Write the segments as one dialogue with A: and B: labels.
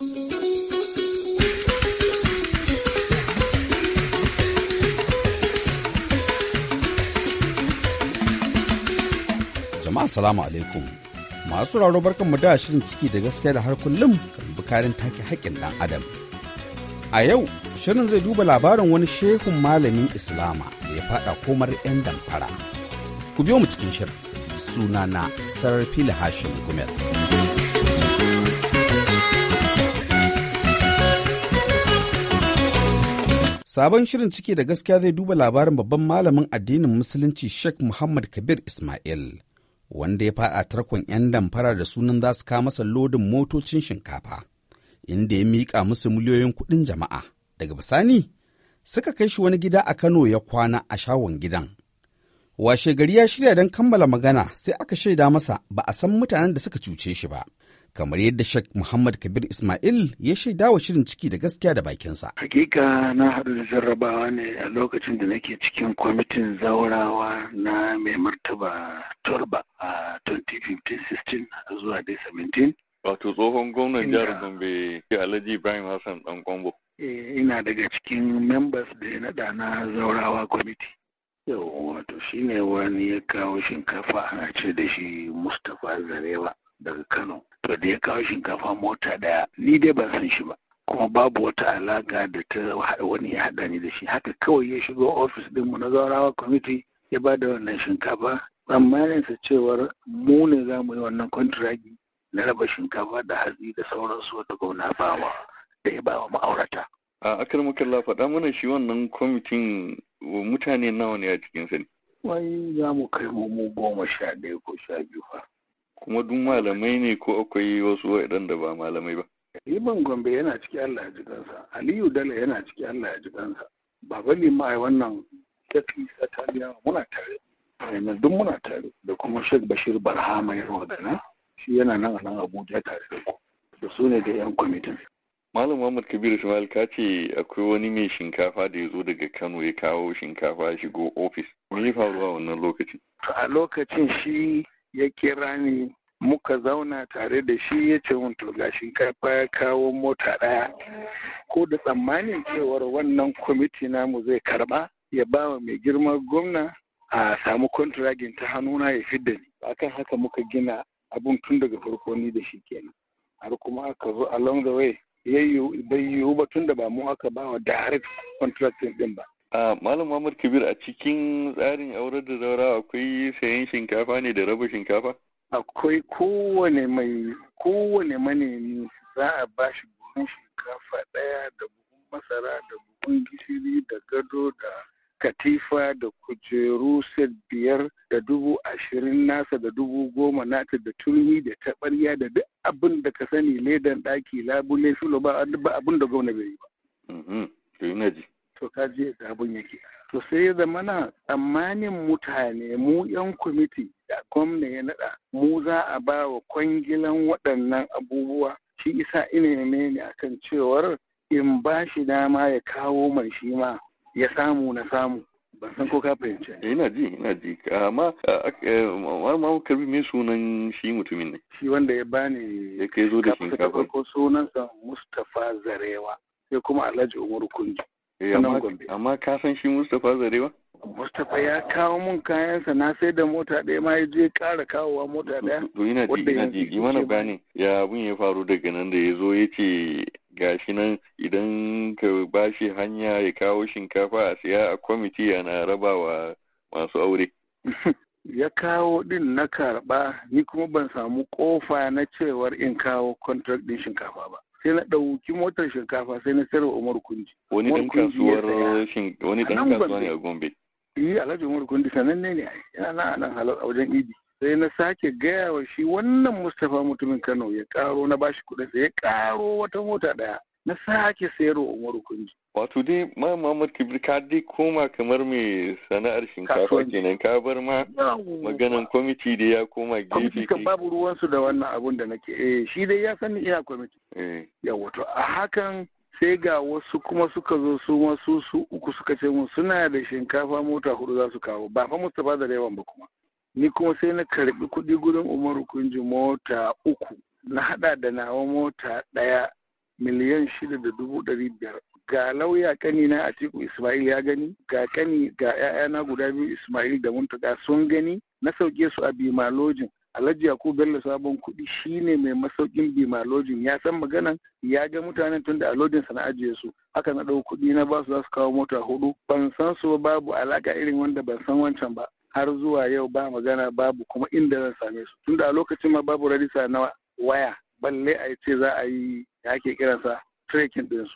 A: Jama'a salamu alaikum. Masu raro barkan mu da shirin ciki da gaskiya da har kullum kan bukarin take haƙƙin ɗan adam. A yau, shirin zai duba labarin wani shehun malamin Islama da ya faɗa komar 'yan damfara. Ku biyo mu cikin shirin. Sunana Sarfila Hashim Gumel. Sabon shirin ciki da gaskiya zai duba labarin babban malamin addinin Musulunci Sheikh Muhammad Kabir Ismail, wanda ya faɗa tarkon 'yan damfara da sunan za su kama masa lodin motocin shinkafa, inda ya miƙa musu miliyoyin kuɗin jama'a. Daga bisani, suka kai shi wani gida a Kano ya kwana a shawon gidan. Washe gari ya shirya don kammala magana sai aka shaida masa ba a san mutanen da suka cuce shi ba. kamar yadda Sheikh Muhammad Kabir Ismail ya shaida wa shirin ciki da gaskiya da bakinsa.
B: Hakika na hadu da jarrabawa ne a lokacin da nake cikin kwamitin zaurawa na mai martaba Turba
C: a 2015-16 zuwa dai 17. Wato tsohon gwamnan jihar Gombe Alhaji Ibrahim Hassan Dan Kwambo.
B: Eh, ina daga cikin members da ya naɗa na zaurawa kwamiti. Yau wato shine wani ya kawo shinkafa a ce da shi Mustapha Zarewa. kawo shinkafa mota daya ni dai ban san shi ba kuma babu wata alaka da ta wani ya haɗa ni da shi haka kawai ya shigo ofis ɗinmu na zaurawa kwamiti ya ba da wannan shinkafa sa cewar mu ne za mu yi wannan kwantiragi na raba shinkafa da hatsi da sauransu wata gauna
C: bawa da ya bawa ma'aurata. a akar makalla faɗa mana shi wannan kwamitin mutane nawa ne a cikin sani.
B: wai za mu kai mu goma sha ɗaya ko sha
C: biyu fa. kuma duk malamai ne ko akwai wasu waɗanda ba malamai ba
B: Liman Gombe yana ciki Allah ya ji kansa, Aliyu Dala yana ciki Allah ya ji kansa. Baba Lima wannan tafi Sataniya muna tare. duk muna tare da kuma Sheikh Bashir Barhama ya wadana shi yana nan a nan Abuja tare da ku. Da su ne da 'yan kwamitin.
C: Malam Muhammad Kabiru Ismail ka ce akwai wani mai shinkafa da ya zo daga Kano ya kawo shinkafa ya shigo ofis. Wani faruwa wannan lokacin? A lokacin shi
B: ya kira ni muka zauna tare da shi ya ce to kafa ya kawo mota ɗaya ko da tsammanin cewar wannan kwamiti namu zai karba ya ba wa mai girma gwamna a samu kwantiragin ta hannuna ya fi da ni akan haka muka gina abun tun daga farko ni da shi kenan har kuma aka zo along the way bai yiwu ba tun da ba mu aka ba wa direct contracting din ba
C: Malam Muhammad Kabir a cikin tsarin aurar da zaura akwai sayan shinkafa ne da raba shinkafa? Akwai
B: kowane mai kowane manemi za a ba shi buhun shinkafa ɗaya da buhun masara da buhun gishiri da gado da katifa da kujeru set biyar da dubu ashirin nasa da dubu goma nata da turmi da taɓarya da duk abin da ka sani ledan ɗaki labule
C: filo ba abin
B: da gwamna bai yi ba.
C: Mhm,
B: to ka je da abun yake to sai ya na tsammanin mutane mu yan kwamiti da gwamna ya naɗa mu za a ba wa kwangilan waɗannan abubuwa shi isa ina ne akan cewar in ba shi dama ya kawo mai shi ma ya samu na samu ban san ko ka fahimce
C: eh, ina ji ina ji amma eh, ka bi me sunan shi mutumin ne
B: shi wanda ya bani
C: ya kai zo da shinkafa ko
B: sunansa Mustafa Zarewa sai kuma Alhaji Umar Kunji
C: Eh, amma ka san shi Mustapha Zarewa?
B: Mustapha ya kawo mun kayansa na sai da mota ɗaya ma ya je ƙara kawowa mota ɗaya. To
C: mana bani ya abin ya faru daga nan da ya zo ya ce gashi nan idan ka bashi hanya ya kawo shinkafa a siya a kwamiti yana rabawa masu aure.
B: ya kawo ɗin na karɓa ni kuma ban samu kofa na cewar in kawo contract ɗin shinkafa ba. sai na ɗauki motar shinkafa sai na sayarwa Umar kunji
C: Wani ɗan kasuwar wani ɗan kasuwa ne a Gombe.
B: Yi eh, Alhaji Umar Kunji sananne ne yana na nan halar a wajen Idi. Sai na sake gaya wa shi wannan Mustapha mutumin Kano ya karo na bashi kuɗin sai ya karo wata mota ɗaya. Na sake sayarwa Umar Kunji.
C: Wato dai ma Muhammad Kibir ka dai koma kamar mai sana'ar shinkafa kenan ka bar ma maganan kwamiti da ya koma gefe. Kwamiti kan babu
B: ruwansu da wannan abun da nake eh shi dai ya sani ina kwamiti. Eh. yawa a hakan sai ga wasu kuma suka zo su masu su uku suka ce mun suna da shinkafa mota hudu za su kawo ba fa mustapha da yawan ba kuma ni kuma sai na karbi kuɗi gurin umaru kunji mota uku na hada da nawa mota ɗaya miliyan shida da dubu ɗari biyar ga lauya kani na atiku ismail ya gani ga kani ga 'ya'yana guda biyu ismail da muntaka sun gani na sauke su a bimalojin Alhaji Yakubu Bello sabon kuɗi shine mai masaukin bima lojin. ya san maganan ya ga mutanen tunda a lodin sana ajiye su haka na ɗau kuɗi na basu za su kawo mota hudu ban san su babu alaka irin wanda ban san wancan ba har zuwa yau ba magana babu kuma inda zan same su tunda a lokacin ma babu rajista na waya balle a ce za a yi ya ke kiransa trekking ɗinsu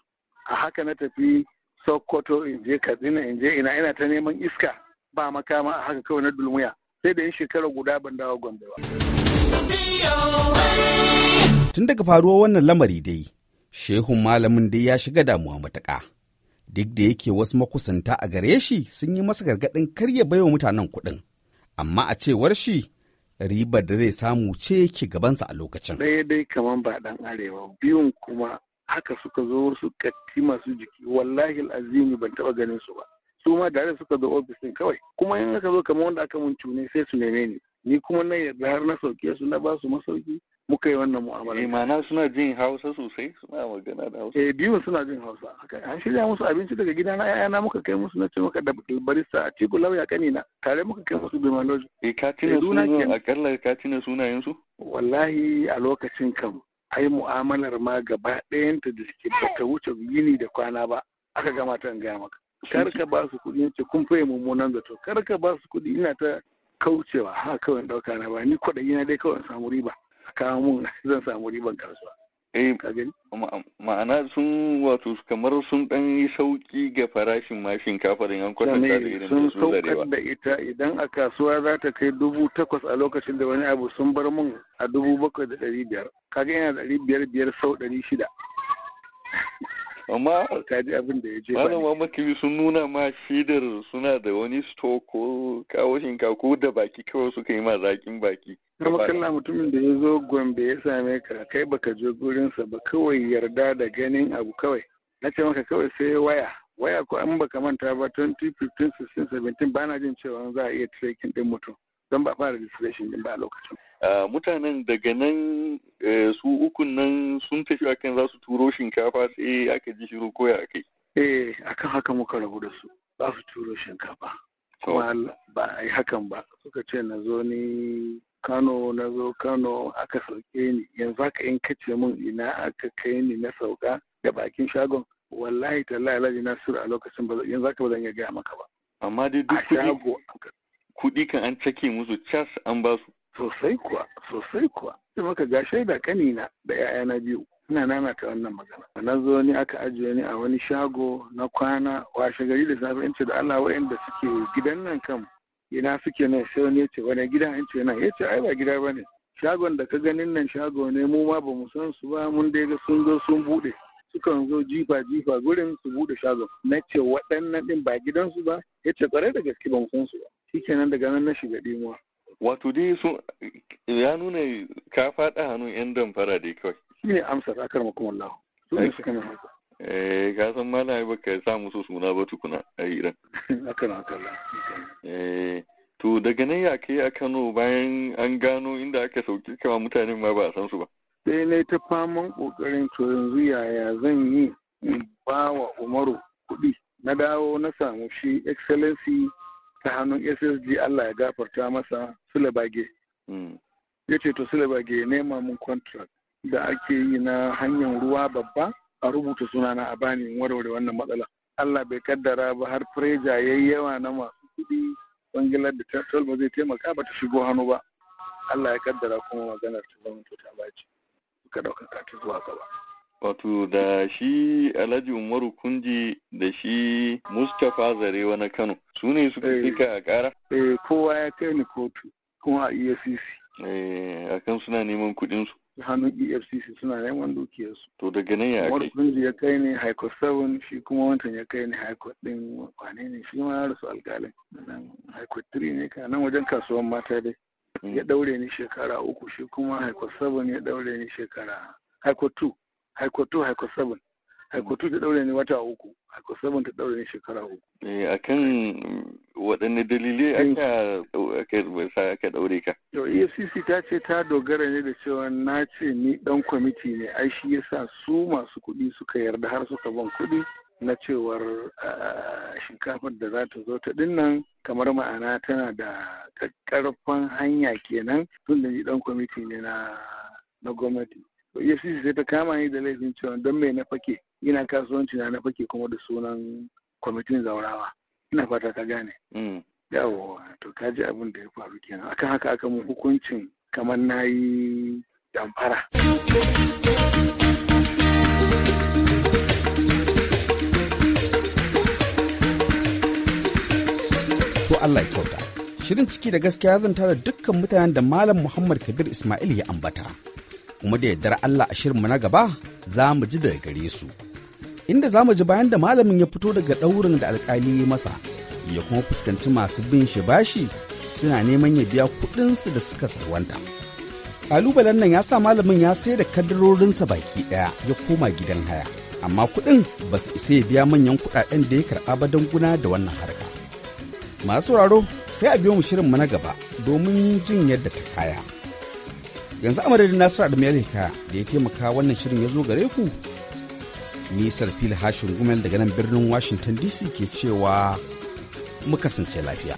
B: a haka na tafi sokoto in je katsina in je ina ina ta neman iska ba makama a haka kawai na dulmuya sai da yin shekara guda ban dawo gombe ba.
A: Tun daga faruwar wannan lamari dai, shehun malamin dai ya shiga damuwa matuƙa. Duk da yake wasu makusanta a gare shi sun yi masa gargaɗin karya ya baiwa mutanen kuɗin, amma a cewar shi ribar da zai samu ce ke gabansa a lokacin.
B: daya dai kamar ba ɗan arewa, biyun kuma haka suka zo su katti masu jiki, wallahi azimi ban taɓa ganin su ba. su ma da suka zo ofis din kawai kuma in aka zo kamar wanda aka mun tune sai su neme ni ni kuma na yarda har na sauke su na ba su masauki muka yi wannan mu'amala. Eh ma'ana suna jin Hausa sosai suna magana da Hausa. Eh biyun suna jin Hausa. An shirya musu abinci daga gida na na muka kai musu na ce maka da barista a Tiku Lauya kanina tare muka kai musu Bimaloji. Eh ka tina sunan akalla ka tina sunayen su? Wallahi a lokacin kan ai mu'amalar ma gaba ta da suke bata wuce yini da kwana ba aka gama ta gaya maka. karka ba su kuɗi ce kun fiye mummunan zato kar karka ba su kuɗi ina ta kaucewa ha kawai ɗauka na ba ni kwaɗayi na dai kawai samu riba kawo mun zan samu riban kasuwa
C: eh ma'ana sun wato kamar sun dan yi sauki ga farashin ma shinkafa da yan kwatanta da irin sun saukar da ita idan a kasuwa
B: za ta kai dubu takwas a lokacin da wani abu sun bar mun a dubu bakwai da ɗari biyar kaga yana ɗari biyar biyar sau ɗari shida
C: amma ji abin da ya je malama makibi sun nuna ma shidar suna da wani sto ko kawo shinka da baki kawai suka yi ma zakin baki kuma kalla
B: mutumin da ya zo gombe ya same ka kai baka je gurinsa ba kawai yarda da ganin abu kawai na ce maka kawai sai waya waya ko an baka manta ba 2015 16 17 ba na jin cewa za a iya tracking din mutum don ba fara registration din ba a lokacin
C: mutanen daga nan e, su ukun nan sun tafi akan za su turo shinkafa sai aka ji shiru koya a kai eh akan haka muka rabu da su za su turo shinkafa kuma
B: oh. ba a yi hakan ba suka ce na zo ni kano na zo kano aka sauke ni yanzu haka in kace min ina aka kai ni na sauka da bakin shagon wallahi tallahi na sura a lokacin ba yanzu haka ba zan iya gaya maka ba
C: amma dai duk kuɗi kan an cake musu cas an ba su sosai kuwa sosai kuwa
B: sai muka ga shaida kanina da 'ya'yana biyu ina nana ta wannan magana na zo ni aka ajiye ni a wani shago na kwana washe gari da safe ce da Allah wayanda suke gidan nan kan ina suke nan sai ne ce wani gida In ce nan yace ai ba gida bane shagon da ka ganin nan shago ne mu ma bamu san su ba mun dai ga sun zo sun bude sukan zo jifa jifa gurin su bude shagon na ce waɗannan din ba gidansu ba yace kware da gaske mu san su ba shikenan daga nan na shiga dimuwa wato dai su
C: ya nuna ka faɗa hannun yan damfara dai kawai
B: shi ne amsa da akar kuma wallahu
C: su ne suka eh ka san malami baka sa musu suna ba tukuna a iran
B: akan
C: eh to daga nan ya kai a Kano bayan an gano inda aka sauke kama mutanen ma ba a san su ba
B: sai na ta faman kokarin to yanzu yaya zan yi in ba wa Umaru kuɗi na dawo na samu shi excellency ta hannun ssg allah ya gafarta masa sulabage hmm. ya ce to sulabage ya nema mun contract da ake yi na hanyar ruwa babba a rubuta sunana a bani warware wannan matsala allah bai kaddara ba har preja ya yi yawa na masu kuɗi bangilar da tattal ba zai taimaka ba ta shigo hannu ba allah ya kaddara kuma maganar ta zama ta bace ka ɗaukaka ta zuwa gaba
C: Wato da shi Alhaji Umaru Kunji da shi Mustapha Zarewa na Kano su ne suka eh. ka a ƙara?
B: Eh kowa ya kai ni kotu kuma a EFCC.
C: Eh kan suna neman kudin su.
B: Hannun EFCC suna neman dukiyarsu.
C: To daga nan ya kai? Umaru
B: Kunji ya kai ni High Court seven shi kuma wancan ya kai ni High Court ɗin kwane ne shi ma ya rasu alƙalin. Nan High Court three ne ka nan wajen kasuwan mata dai. Hmm. Ya ɗaure ni shekara uku shi kuma High Court ya ɗaure ni shekara High Court haiko 2 haiko 7 haiko 2 ta daure ne wata uku haiko 7 ta daure ne shekara uku
C: eh akan waɗanne dalilai aka aka aka daure ka
B: to EFCC ta ce ta dogara ne da cewa na ce ni dan kwamiti ne ai shi yasa su masu kuɗi suka yarda har suka ban kuɗi na cewar shinkafar da za ta zo ta dinnan kamar ma'ana tana da karfan hanya kenan tun da ni dan kwamiti ne na na gwamnati sisi sai ta kama ni da laifin cewa don me na fake ina kasuwanci na na fake kuma da sunan kwamitin zaurawa ina fata ka gane mm. yawowa to ka ji abin da ya faru kenan akan haka aka mun hukuncin kamar na yi damfara
A: to Allah ya kyauta shirin ciki da gaskiya zan tara dukkan mutanen da malam Muhammad Kabir Ismail ya ambata kuma da yardar Allah a shirinmu na gaba za mu ji daga gare su. Inda za mu ji bayan da malamin ya fito daga ɗaurin da alƙali ya masa, ya kuma fuskanci masu bin shi bashi suna neman ya biya kuɗinsu da suka sarwanta. Ƙalubalen nan ya sa malamin ya sai da kadarorinsa baki ɗaya ya koma gidan haya, amma kuɗin ba su isa ya biya manyan kuɗaɗen da ya karɓa ba don da wannan harka. Masu sauraro sai a biyo mu shirinmu na gaba domin jin yadda ta kaya. yanzu a madadin nasiru admirika da ya taimaka wannan shirin ya zo gare ku nisar fil hashin gumel daga nan birnin washington dc ke cewa mu kasance lafiya